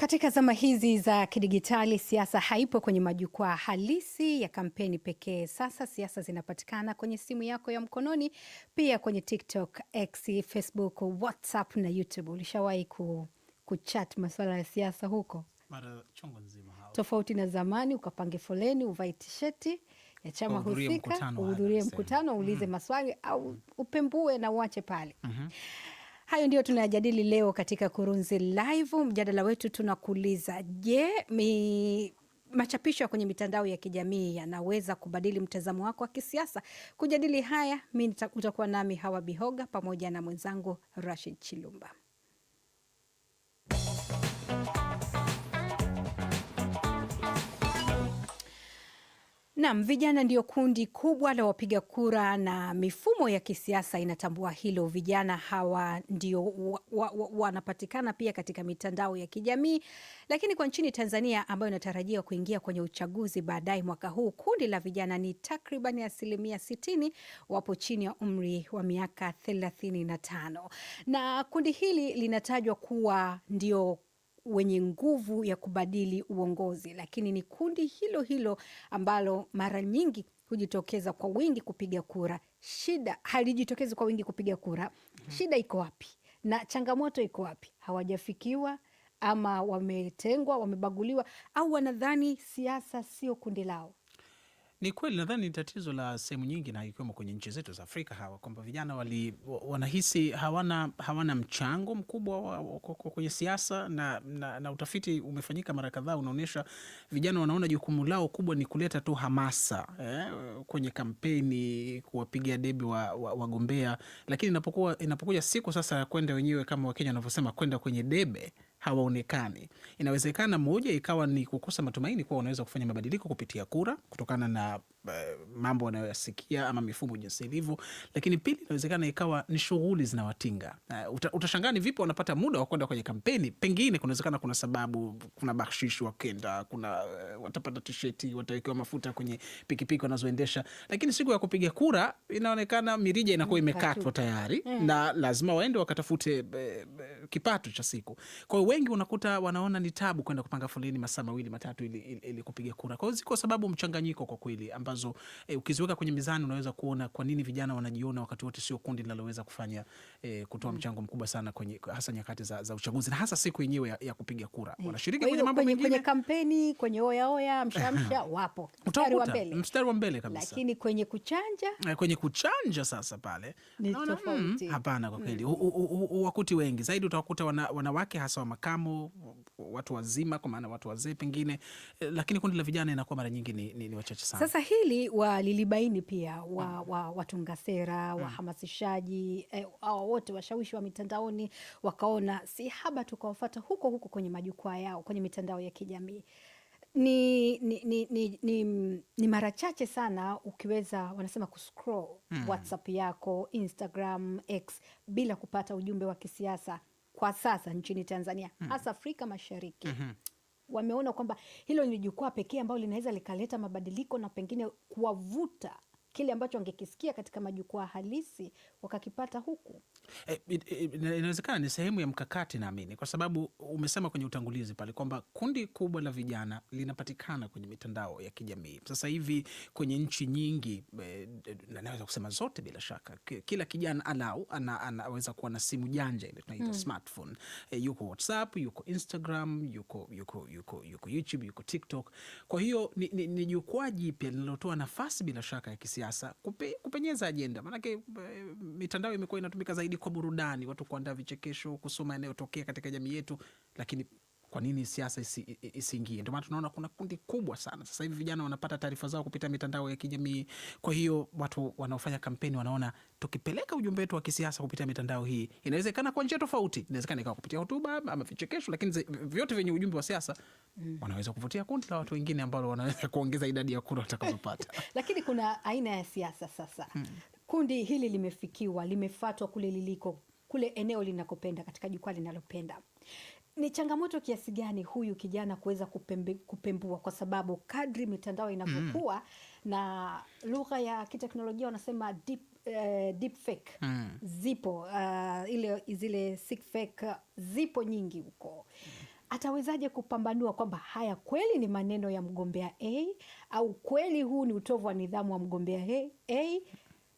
Katika zama hizi za kidigitali, siasa haipo kwenye majukwaa halisi ya kampeni pekee. Sasa siasa zinapatikana kwenye simu yako ya mkononi, pia kwenye TikTok, X, Facebook, WhatsApp na YouTube. Ulishawahi ku, kuchat masuala ya siasa huko? Mara chungu nzima. Tofauti na zamani, ukapange foleni, uvae tisheti ya chama husika, uhudhurie mkutano, uulize mm. maswali au upembue na uache pale. mm -hmm. Hayo ndio tunayajadili leo katika Kurunzi Live. Mjadala wetu tunakuuliza, je, mi machapisho ya kwenye mitandao ya kijamii yanaweza kubadili mtazamo wako wa kisiasa? Kujadili haya mi utakuwa nami Hawa Bihoga pamoja na mwenzangu Rashid Chilumba. nam vijana ndio kundi kubwa la wapiga kura na mifumo ya kisiasa inatambua hilo. Vijana hawa ndio wanapatikana wa, wa, wa pia katika mitandao ya kijamii. Lakini kwa nchini Tanzania ambayo inatarajiwa kuingia kwenye uchaguzi baadaye mwaka huu, kundi la vijana ni takriban asilimia 60 wapo chini ya umri wa miaka 35, na kundi hili linatajwa kuwa ndio wenye nguvu ya kubadili uongozi, lakini ni kundi hilo hilo ambalo mara nyingi hujitokeza kwa wingi kupiga kura. Shida halijitokezi kwa wingi kupiga kura. mm -hmm. Shida iko wapi na changamoto iko wapi? Hawajafikiwa ama wametengwa, wamebaguliwa, au wanadhani siasa sio kundi lao. Ni kweli, nadhani ni tatizo la sehemu nyingi na ikiwemo kwenye nchi zetu za Afrika hawa kwamba vijana wali, wanahisi hawana, hawana mchango mkubwa kwenye siasa na, na, na utafiti umefanyika mara kadhaa unaonyesha vijana wanaona jukumu lao kubwa ni kuleta tu hamasa eh, kwenye kampeni kuwapigia debe wagombea wa, wa, lakini inapokuja siku sasa ya kwenda wenyewe kama Wakenya wanavyosema kwenda kwenye debe hawaonekani. Inawezekana moja ikawa ni kukosa matumaini kuwa unaweza kufanya mabadiliko kupitia kura kutokana na Eh, mambo wanayoyasikia ama mifumo jinsi ilivyo, lakini pili, inawezekana ikawa ni shughuli zinawatinga. Uh, utashangaa ni vipi wanapata muda wa kwenda kwenye kampeni. Pengine kunawezekana kuna sababu, kuna bakshishi wakenda, kuna uh, watapata tisheti, watawekewa mafuta kwenye pikipiki wanazoendesha, lakini siku ya kupiga kura inaonekana mirija inakuwa imekatwa tayari mm, na lazima waende wakatafute e, kipato cha siku. kwao wengi unakuta wanaona ni tabu kwenda kupanga foleni masaa mawili matatu ili, ili, ili kupiga kura. kwao ziko sababu mchanganyiko kwa kweli amba ambazo e, ukiziweka kwenye mizani unaweza kuona kwa nini vijana wanajiona wakati wote sio kundi linaloweza kufanya e, kutoa mchango mkubwa sana kwenye hasa nyakati za, za uchaguzi na hasa siku yenyewe ya, ya kupiga kura yeah. Wanashiriki kwenye mambo mengine, kwenye kampeni, kwenye oya oya, mshamsha wapo mstari wa mbele, mstari wa mbele kabisa, lakini kwenye kuchanja, eh, kwenye kuchanja sasa pale ni hmm, tofauti. Hapana, kwa kweli mm. wakuti wengi zaidi utawakuta wana, wanawake hasa wa makamo, watu wazima kwa maana watu wazee pengine, lakini kundi la vijana inakuwa mara nyingi ni, ni, ni wachache sana sasa hii hili walilibaini pia wa, mm. wa, watunga sera, mm. wahamasishaji eh, hawa eh, wote washawishi wa mitandaoni, wakaona si haba tukawafata huko huko kwenye majukwaa yao kwenye mitandao ya kijamii. Ni, ni, ni, ni, ni, ni mara chache sana ukiweza wanasema kuscroll mm. WhatsApp yako, Instagram, X bila kupata ujumbe wa kisiasa kwa sasa nchini Tanzania mm. hasa Afrika Mashariki mm -hmm wameona kwamba hilo ni jukwaa pekee ambalo linaweza likaleta mabadiliko na pengine kuwavuta kile ambacho angekisikia katika majukwaa halisi wakakipata huku. E, inawezekana ni sehemu ya mkakati naamini, kwa sababu umesema kwenye utangulizi pale kwamba kundi kubwa la vijana linapatikana kwenye mitandao ya kijamii sasa hivi kwenye nchi nyingi e, na naweza kusema zote bila shaka, kila kijana alau ana, anaweza kuwa na simu janja ile tunaita hmm, smartphone e, yuko WhatsApp, yuko Instagram, yuko, yuko, yuko, yuko YouTube, yuko TikTok. Kwa hiyo ni jukwaa jipya linalotoa nafasi bila shaka ya kisi siasa kupe, kupenyeza ajenda. Maanake eh, mitandao imekuwa inatumika zaidi kwa burudani, watu kuandaa vichekesho, kusoma yanayotokea katika jamii yetu, lakini kwa nini siasa isiingie isi? Ndio maana tunaona kuna kundi kubwa sana sasa hivi vijana wanapata taarifa zao kupita mitandao ya kijamii. Kwa hiyo watu wanaofanya kampeni wanaona tukipeleka ujumbe wetu wa kisiasa kupitia mitandao hii, inawezekana kwa njia tofauti, inawezekana ikawa kupitia hotuba ama vichekesho, lakini vyote vyenye ujumbe wa siasa mm, wanaweza kuvutia kundi la watu wengine ambalo wanaweza kuongeza idadi ya kura watakazopata. Lakini kuna aina ya siasa sasa mm, kundi hili limefikiwa, limefatwa kule liliko, kule eneo linakopenda, katika jukwaa linalopenda ni changamoto kiasi gani huyu kijana kuweza kupembe, kupembua kwa sababu kadri mitandao inavyokuwa mm. na lugha ya kiteknolojia wanasema deep, uh, eh, deep fake mm. zipo uh, ile zile sick fake zipo nyingi huko mm. Atawezaje kupambanua kwamba haya kweli ni maneno ya mgombea A au kweli huu ni utovu wa nidhamu wa mgombea A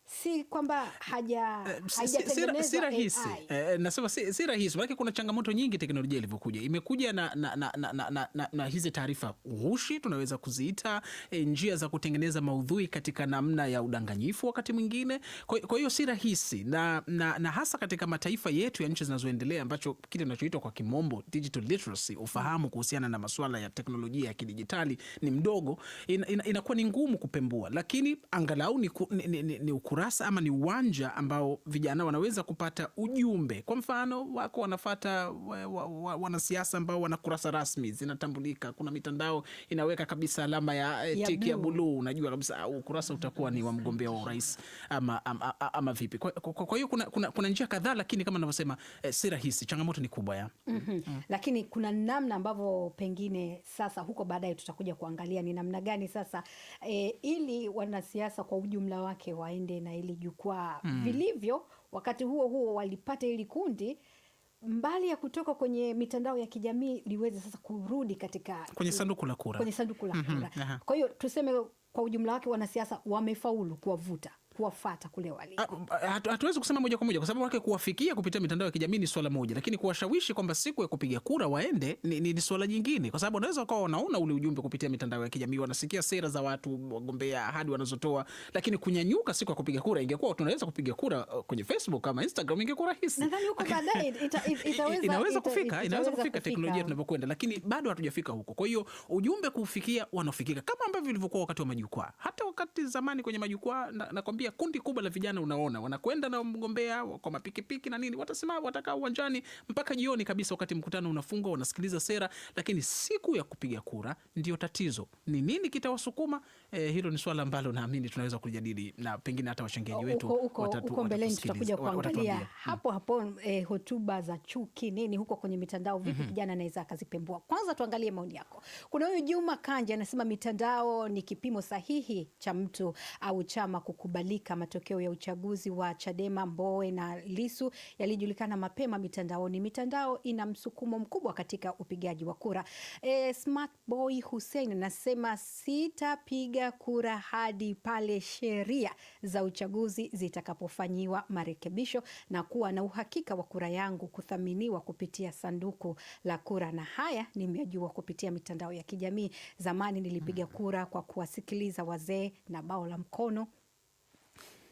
si kwamba haja eh, si rahisi eh, eh, nasema si, si rahisi maanake kuna changamoto nyingi teknolojia ilivyokuja imekuja na, na, na, na, na, na, na hizi taarifa ghushi tunaweza kuziita eh, njia za kutengeneza maudhui katika namna ya udanganyifu wakati mwingine kwa hiyo si rahisi na, na, na hasa katika mataifa yetu ya nchi zinazoendelea ambacho kile kinachoitwa kwa kimombo digital literacy ufahamu kuhusiana na masuala ya teknolojia ya kidijitali ni mdogo inakuwa in, ina ni ngumu kupembua lakini angalau ni, ni, ni, ni, ni ukurasa ama ni uwanja ambao vijana wanaweza kupata ujumbe. Kwa mfano wako wanafata wa, wa, wa, wanasiasa ambao wana kurasa rasmi zinatambulika. Kuna mitandao inaweka kabisa alama ya, eh, ya tiki ya buluu, unajua kabisa ukurasa utakuwa ni wa mgombea wa urais ama, ama, ama, ama vipi. Kwa, hiyo kuna, kuna, kuna njia kadhaa, lakini kama navyosema eh, si rahisi, changamoto ni kubwa ya mm -hmm. mm. Lakini kuna namna ambavyo pengine sasa huko baadaye tutakuja kuangalia ni namna gani sasa eh, ili wanasiasa kwa ujumla wake waende na ili jukwaa mm. vilivyo. Wakati huo huo walipata hili kundi mbali ya kutoka kwenye mitandao ya kijamii liweze sasa kurudi katika kwenye sanduku la kura, kwenye sanduku la mhm, kura. Kwa hiyo tuseme kwa ujumla wake wanasiasa wamefaulu kuwavuta kuwafata kule waliko. Ah, ah, hatuwezi kusema moja kwa moja kwa sababu wake kuwafikia kupitia mitandao ya kijamii ni swala moja, lakini kuwashawishi kwamba siku ya kupiga kura waende ni, ni, ni swala jingine, kwa sababu wanaweza wakawa wanaona ule ujumbe kupitia mitandao ya kijamii, wanasikia sera za watu, wagombea, ahadi wanazotoa, lakini kunyanyuka siku ya kupiga kura, ingekuwa tunaweza kupiga kura uh, kwenye Facebook ama Instagram, ingekuwa rahisi. Nadhani huko baadaye itaweza, inaweza kufika, inaweza kufika teknolojia tunavyokwenda, lakini bado hatujafika huko. Kwa hiyo ujumbe kufikia wanaofikika kama ambavyo ilivyokuwa wakati wa majukwaa, hata wakati zamani kwenye majukwaa na, na nakwambia kundi kubwa la vijana unaona wanakwenda na mgombea kwa mapikipiki na nini, watasema watakaa uwanjani mpaka jioni kabisa, wakati mkutano unafungwa, wanasikiliza sera, lakini siku ya kupiga kura ndio tatizo. Ni nini kitawasukuma? Eh, hilo ni swala ambalo naamini tunaweza kujadili na pengine hata washangiaji wetu uko mbeleni, tutakuja kuangalia hmm. hapo hapo eh, hotuba za chuki nini huko kwenye mitandao vipi, mm -hmm. Kijana anaweza akazipembua. Kwanza tuangalie maoni yako. Kuna huyu Juma Kanja anasema mitandao ni kipimo sahihi cha mtu au chama kukubali kubadilika matokeo ya uchaguzi wa Chadema, Mbowe na lisu yalijulikana mapema mitandaoni. Mitandao ina msukumo mkubwa katika upigaji wa kura. E, Smart Boy Hussein anasema sitapiga kura hadi pale sheria za uchaguzi zitakapofanyiwa marekebisho na kuwa na uhakika wa kura yangu kuthaminiwa kupitia sanduku la kura. Na haya nimejua kupitia mitandao ya kijamii. Zamani nilipiga hmm. kura kwa kuwasikiliza wazee na bao la mkono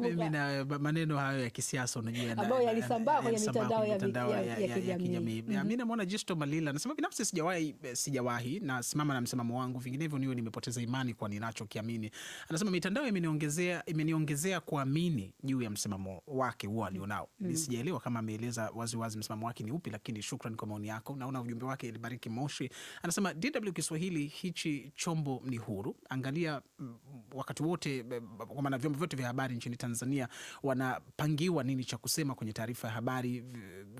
mimi na maneno hayo ya kisiasa unajua, ambayo yalisambaa kwenye mitandao ya kijamii. Mhm. Mimi Justo Malila anasema binafsi sijawahi eh, sijawahi na simama na msimamo wangu, vinginevyo niwe nimepoteza imani kwa ninachokiamini. Anasema mitandao imeniongezea imeniongezea kuamini juu ya msimamo wake huo alionao. Mm. mm. Sijaelewa kama ameeleza msimamo wake ni upi, lakini shukrani kwa maoni yako. Naona ujumbe wake Moshi. Anasema DW Kiswahili hichi chombo ni huru, angalia mm, wakati wote, eh, kwa maana vyombo vyote vya habari nchini Tanzania wanapangiwa nini cha kusema kwenye taarifa ya habari,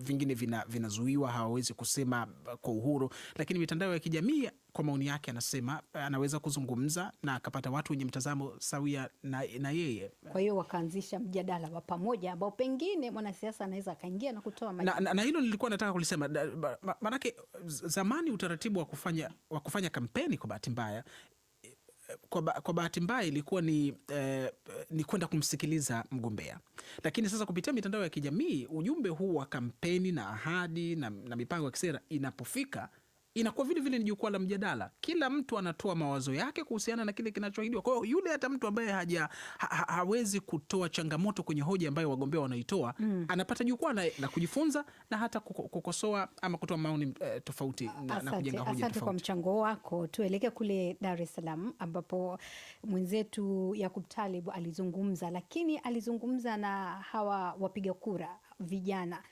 vingine vinazuiwa, vina hawawezi kusema kwa uhuru, lakini mitandao ya kijamii kwa maoni yake anasema anaweza kuzungumza na akapata watu wenye mtazamo sawia na, na yeye. Kwa hiyo wakaanzisha mjadala wa pamoja ambao pengine mwanasiasa anaweza akaingia na kutoa na, na, na hilo nilikuwa nataka kulisema, maanake zamani utaratibu wa kufanya, wa kufanya kampeni kwa bahati mbaya kwa, ba, kwa bahati mbaya ilikuwa ni, eh, ni kwenda kumsikiliza mgombea, lakini sasa kupitia mitandao ya kijamii ujumbe huu wa kampeni na ahadi na, na mipango ya kisera inapofika inakuwa vile vile ni jukwaa la mjadala, kila mtu anatoa mawazo yake kuhusiana na kile kinachoahidiwa. Kwa hiyo yule hata mtu ambaye haja ha, hawezi kutoa changamoto kwenye hoja ambayo wagombea wanaitoa mm. anapata jukwaa la, la kujifunza na hata kukosoa ama kutoa maoni eh, tofauti na, na kujenga hoja tofauti. Asante kwa mchango wako. Tuelekee kule Dar es Salaam ambapo mwenzetu Yakub Talib alizungumza, lakini alizungumza na hawa wapiga kura vijana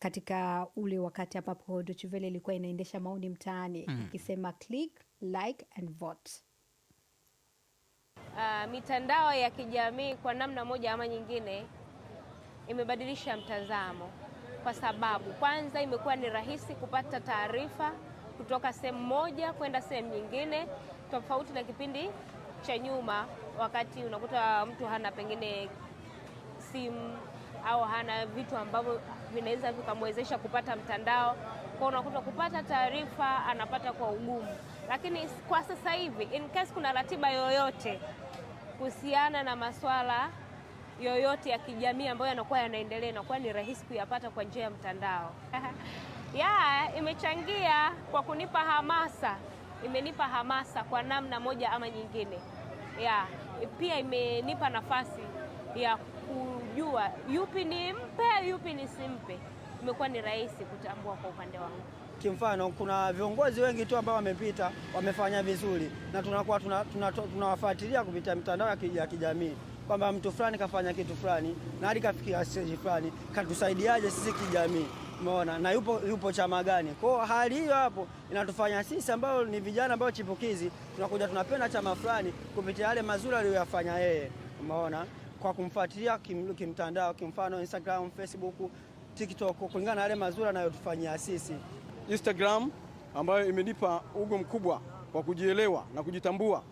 katika ule wakati ambapo Deutsche Welle ilikuwa inaendesha maoni mtaani mm. ikisema mm. click like and vote. Uh, mitandao ya kijamii kwa namna moja ama nyingine imebadilisha mtazamo, kwa sababu kwanza imekuwa ni rahisi kupata taarifa kutoka sehemu moja kwenda sehemu nyingine, tofauti na kipindi cha nyuma, wakati unakuta mtu hana pengine simu au hana vitu ambavyo vinaweza vikamwezesha kupata mtandao, kwa unakuta kupata taarifa anapata kwa ugumu. Lakini kwa sasa hivi in case kuna ratiba yoyote kuhusiana na masuala yoyote ya kijamii ambayo yanakuwa yanaendelea, inakuwa ni rahisi kuyapata kwa njia ya mtandao. Yeah, imechangia kwa kunipa hamasa, imenipa hamasa kwa namna moja ama nyingine. Yeah, pia imenipa nafasi ya ku kujua yupi ni mpe yupi ni simpe, imekuwa ni rahisi kutambua kwa upande wangu. Kimfano, kuna viongozi wengi tu ambao wamepita wamefanya vizuri na tunakuwa tunawafuatilia tuna, tuna kupitia mitandao ya kijamii kwamba mtu fulani kafanya kitu fulani na hadi kafikia stage fulani, katusaidiaje sisi kijamii? Umeona, na yupo, yupo chama gani? Kwa hali hiyo hapo inatufanya sisi ambao ni vijana ambao chipukizi tunakuja tunapenda chama fulani kupitia yale mazuri aliyoyafanya yeye, umeona kwa kumfuatilia kim, kimtandao kimfano Instagram, Facebook, TikTok kulingana na yale mazuri anayotufanyia sisi. Instagram ambayo imenipa ugo mkubwa wa kujielewa na kujitambua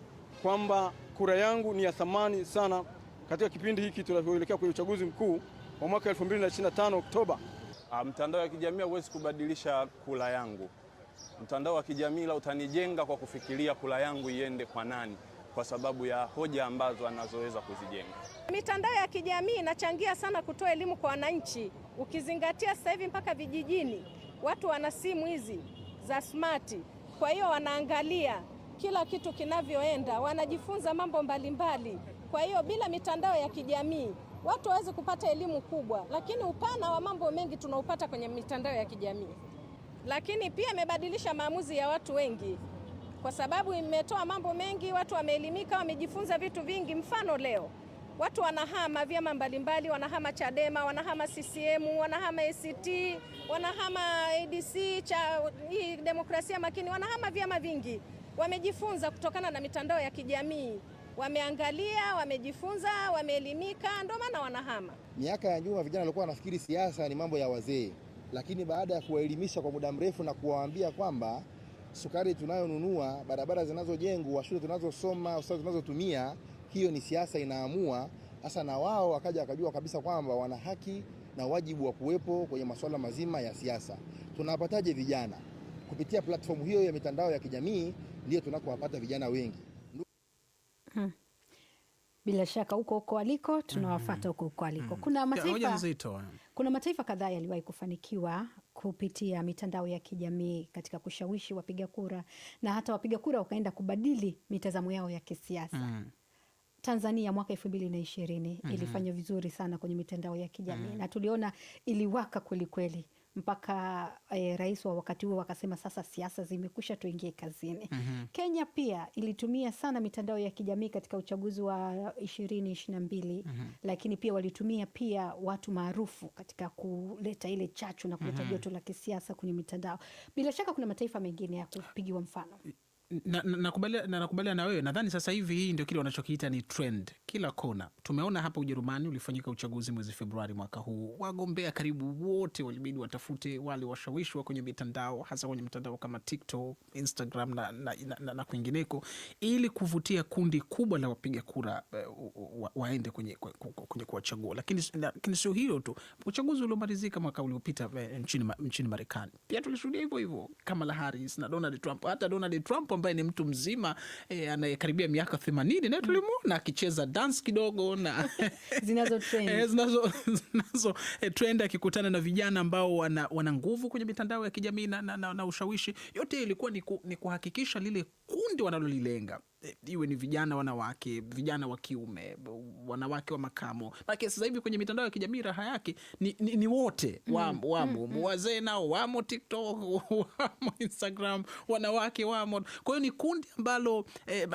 kwamba kura yangu ni ya thamani sana katika kipindi hiki tunavyoelekea kwenye uchaguzi mkuu wa mwaka 2025 Oktoba. Ah, mtandao wa kijamii huwezi kubadilisha kura yangu. Mtandao wa kijamii la utanijenga kwa kufikiria kura yangu iende kwa nani kwa sababu ya hoja ambazo anazoweza kuzijenga. Mitandao ya kijamii inachangia sana kutoa elimu kwa wananchi, ukizingatia sasa hivi mpaka vijijini watu wana simu hizi za smart, kwa hiyo wanaangalia kila kitu kinavyoenda, wanajifunza mambo mbalimbali. Kwa hiyo bila mitandao ya kijamii watu waweze kupata elimu kubwa, lakini upana wa mambo mengi tunaupata kwenye mitandao ya kijamii, lakini pia imebadilisha maamuzi ya watu wengi kwa sababu imetoa mambo mengi, watu wameelimika, wamejifunza vitu vingi. Mfano leo watu wanahama vyama mbalimbali, wanahama Chadema, wanahama CCM, wanahama ACT, wanahama ADC, cha hii demokrasia makini, wanahama vyama vingi. Wamejifunza kutokana na mitandao ya kijamii, wameangalia, wamejifunza, wameelimika, ndio maana wanahama. Miaka ya nyuma vijana walikuwa wanafikiri siasa ni mambo ya wazee, lakini baada ya kuwaelimisha kwa muda mrefu na kuwaambia kwamba sukari tunayonunua, barabara zinazojengwa, shule tunazosoma, hospitali tunazotumia, hiyo ni siasa inaamua. hasa na wao wakaja wakajua kabisa kwamba wana haki na wajibu wa kuwepo kwenye masuala mazima ya siasa. Tunawapataje vijana? Kupitia platform hiyo ya mitandao ya kijamii ndio tunakowapata vijana wengi. Hmm. Bila shaka huko huko aliko tunawafata hmm. huko huko aliko. Hmm. Kuna mataifa, kuna mataifa kadhaa yaliwahi kufanikiwa kupitia mitandao ya kijamii katika kushawishi wapiga kura na hata wapiga kura wakaenda kubadili mitazamo yao ya kisiasa mm. Tanzania mwaka elfu mbili na ishirini mm -hmm. ilifanya vizuri sana kwenye mitandao ya kijamii mm -hmm. na tuliona iliwaka kwelikweli mpaka e, rais wa wakati huo wakasema sasa siasa zimekwisha, tuingie kazini. mm -hmm. Kenya pia ilitumia sana mitandao ya kijamii katika uchaguzi wa ishirini ishirini na mbili mm -hmm. Lakini pia walitumia pia watu maarufu katika kuleta ile chachu na kuleta mhm. joto mm -hmm. la kisiasa kwenye mitandao. Bila shaka kuna mataifa mengine ya kupigiwa mfano. Nakubalia na, na, na, na wewe. Nadhani sasa hivi hii ndio kile wanachokiita ni trend kila kona. Tumeona hapa Ujerumani ulifanyika uchaguzi mwezi Februari mwaka huu, wagombea karibu wote walibidi watafute wale washawishi wa kwenye mitandao, hasa kwenye mitandao kama TikTok, Instagram na, na, na, na, na kwingineko, ili kuvutia kundi kubwa la wapiga kura uh, waende kwenye, kwenye kuwachagua. Lakini, lakini sio hilo tu, uchaguzi uliomalizika mwaka uliopita eh, nchini, nchini Marekani pia tulishuhudia hivyo hivyo, Kamala Harris na Donald Trump, hata Donald Trump ambaye ni mtu mzima e, anayekaribia miaka themanini naye tulimwona akicheza dan kidogo na zinazo trend eh, eh, trend akikutana na vijana ambao wana, wana nguvu kwenye mitandao ya kijamii na, na, na, na ushawishi. Yote ilikuwa ni, ku, ni kuhakikisha lile kundi wanalolilenga Eh, iwe ni vijana wanawake, vijana wa kiume, wanawake wa makamo. Maanake sasa hivi kwenye mitandao ya kijamii raha yake ni, ni, ni wote wamo, mm, wamo mm, mm, wazee nao wamo TikTok, wamo Instagram, wanawake wamo. Kwa hiyo ni kundi ambalo eh,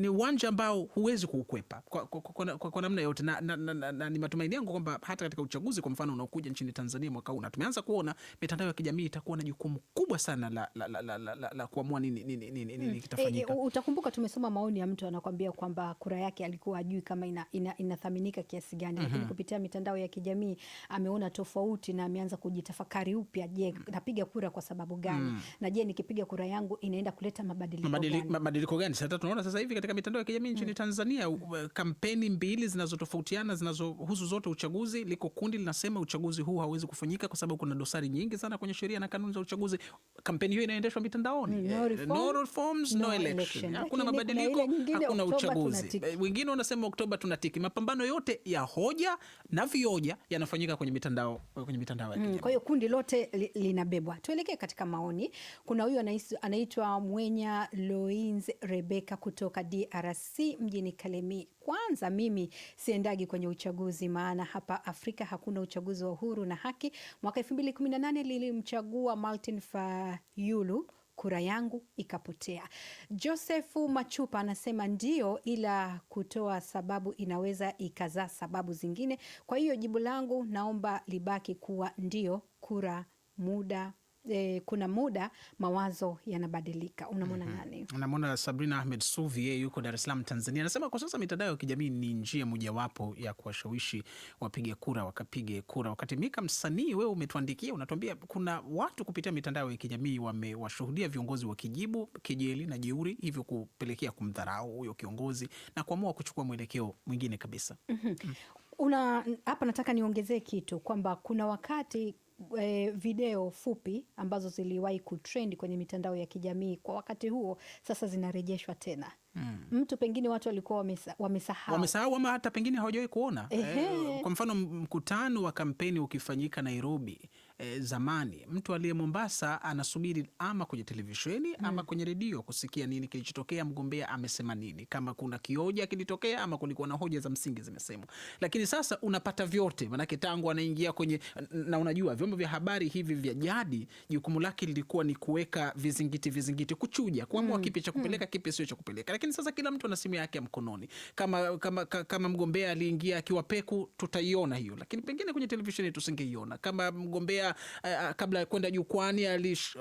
ni uwanja ambao huwezi kuukwepa kwa, kwa, kwa, kwa, kwa namna yote na, na, na, na, na ni matumaini yangu kwamba hata katika uchaguzi kwa mfano unaokuja nchini Tanzania mwaka huu na tumeanza kuona mitandao ya kijamii itakuwa na jukumu kubwa sana la, la, la, la, la, la, la kuamua nini, nini, nini, nini mm. kitafanyika. E, utakumbuka tumesoma maoni ya mtu anakwambia kwamba kura yake alikuwa ajui kama ina, ina, inathaminika kiasi gani mm -hmm. Lakini mhm. kupitia mitandao ya kijamii ameona tofauti na ameanza kujitafakari upya. Je, mm. napiga kura kwa sababu gani? mm. na je, nikipiga kura yangu inaenda kuleta mabadiliko Mabadili, gani? mabadiliko gani? Sasa tunaona sasa hivi katika mitandao ya kijamii nchini mm. Tanzania kampeni mbili zinazotofautiana zinazohusu zote uchaguzi. Liko kundi linasema uchaguzi huu hauwezi kufanyika kwa sababu kuna dosari nyingi sana kwenye sheria na kanuni za uchaguzi. Kampeni hiyo inaendeshwa mitandaoni, mm, no eh, reforms, no, no election. Election mabadiliko, hakuna uchaguzi. Eh, wengine wanasema Oktoba tunatiki. Mapambano yote ya hoja na vioja yanafanyika kwenye mitandao kwenye mitandao ya mm, kijamii. Kwa hiyo kundi lote li, linabebwa. Tuelekee katika maoni. Kuna huyu anaitwa Mwenya Loins Rebeka kutoka DRC mjini Kalemi. Kwanza mimi siendagi kwenye uchaguzi, maana hapa Afrika hakuna uchaguzi wa uhuru na haki. Mwaka 2018 lilimchagua Martin Fayulu kura yangu ikapotea. Josefu Machupa anasema ndio, ila kutoa sababu inaweza ikazaa sababu zingine. Kwa hiyo jibu langu naomba libaki kuwa ndio, kura muda e, kuna muda mawazo yanabadilika. Unamwona mm -hmm. nani? Namwona Sabrina Ahmed Suvi, yeye yuko Dar es Salaam, Tanzania, anasema kwa sasa mitandao ya kijamii ni njia mojawapo ya kuwashawishi wapiga kura wakapige kura. Wakati Mika msanii, wewe umetuandikia unatuambia kuna watu kupitia mitandao ya kijamii wamewashuhudia viongozi wakijibu kejeli na jeuri, hivyo kupelekea kumdharau huyo kiongozi na kuamua kuchukua mwelekeo mwingine kabisa. mm -hmm. mm. Una hapa nataka niongezee kitu kwamba kuna wakati e, video fupi ambazo ziliwahi kutrend kwenye mitandao ya kijamii kwa wakati huo, sasa zinarejeshwa tena. Hmm. Mtu pengine watu walikuwa wamesahau wamesahau ama hata pengine hawajawai kuona. Eh, Ehe. Kwa mfano mkutano wa kampeni ukifanyika Nairobi e, zamani mtu aliye Mombasa anasubiri ama kwenye televisheni hmm. ama mm. kwenye redio kusikia nini kilichotokea, mgombea amesema nini, kama kuna kioja kilitokea ama kulikuwa na hoja za msingi zimesemwa. Lakini sasa unapata vyote, manake tangu anaingia kwenye na, unajua vyombo vya habari hivi vya jadi jukumu lake lilikuwa ni kuweka vizingiti, vizingiti, kuchuja, kuamua hmm. kipi cha kupeleka, hmm. kipi sio cha kupeleka. Lakini sasa kila mtu ana simu yake ya mkononi. Kama, kama, kama mgombea aliingia akiwa peku, tutaiona hiyo, lakini pengine kwenye televisheni tusingeiona. Kama mgombea pia uh, eh, eh, kabla ya kwenda jukwani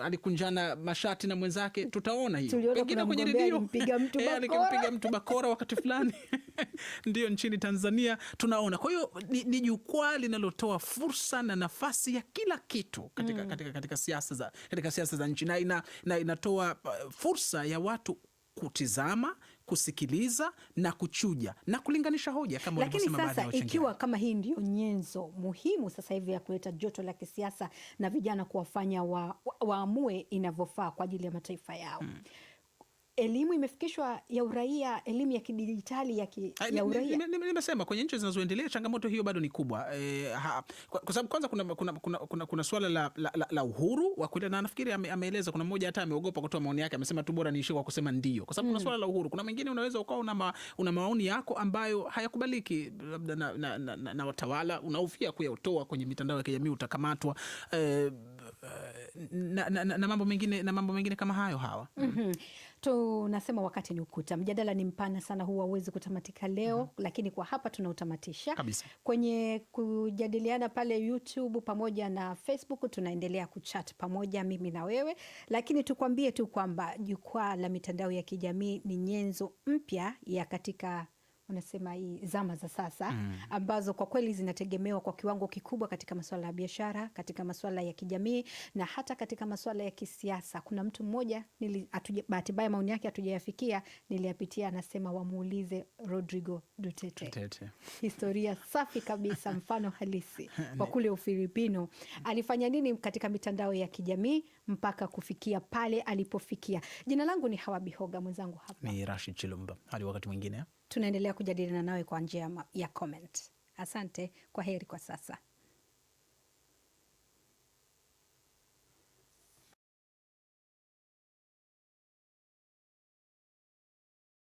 alikunjana mashati na mwenzake. Tutaona hiyo pengine kwenye redio alikimpiga eh, mtu bakora wakati fulani ndio nchini Tanzania tunaona. Kwa hiyo ni, ni jukwaa linalotoa fursa na nafasi ya kila kitu katika, mm. katika, katika siasa za, katika siasa za nchi na, ina, ina inatoa fursa ya watu kutizama kusikiliza na kuchuja na kulinganisha hoja kama Lakini sasa ikiwa kama hii ndio nyenzo muhimu sasa hivi ya kuleta joto la kisiasa na vijana kuwafanya waamue wa inavyofaa kwa ajili ya mataifa yao hmm elimu imefikishwa ya uraia, elimu ya kidijitali ya, ki, ah, ya uraia. Nimesema kwenye nchi zinazoendelea changamoto hiyo bado ni kubwa e, ha, kwa sababu kwanza kuna, kuna, kuna, kuna, kuna suala la, la, la, la uhuru wa kuenda na nafikiri ame, ameeleza kuna mmoja hata ameogopa kutoa maoni yake, amesema tu bora niishie kwa kusema ndio, kwa sababu mm. kuna hmm. suala la uhuru. Kuna mwingine unaweza ukawa una, ma, una maoni yako ambayo hayakubaliki labda na, na, na, na, na watawala, unaofia kuyatoa kwenye mitandao ya kijamii utakamatwa e, na, na, na mambo mengine na mambo mengine kama hayo hawa. mm -hmm. Tunasema wakati ni ukuta, mjadala ni mpana sana, huwa hauwezi kutamatika leo. mm -hmm. Lakini kwa hapa tunautamatisha kabisa. Kwenye kujadiliana pale YouTube pamoja na Facebook tunaendelea kuchat pamoja, mimi na wewe, lakini tukwambie tu kwamba jukwaa la mitandao ya kijamii ni nyenzo mpya ya katika unasema hii zama za sasa mm. ambazo kwa kweli zinategemewa kwa kiwango kikubwa katika masuala ya biashara, katika masuala ya kijamii na hata katika masuala ya kisiasa. Kuna mtu mmoja nili bahati mbaya maoni yake hatujayafikia, niliyapitia, anasema wamuulize Rodrigo Duterte. Duterte, historia safi kabisa mfano halisi wa kule Ufilipino, alifanya nini katika mitandao ya kijamii mpaka kufikia pale alipofikia. Jina langu ni Hawa Bihoga, mwenzangu hapa ni Rashid Chilumba. Hadi wakati mwingine tunaendelea kujadiliana nawe kwa njia ya comment. Asante, kwa heri kwa sasa.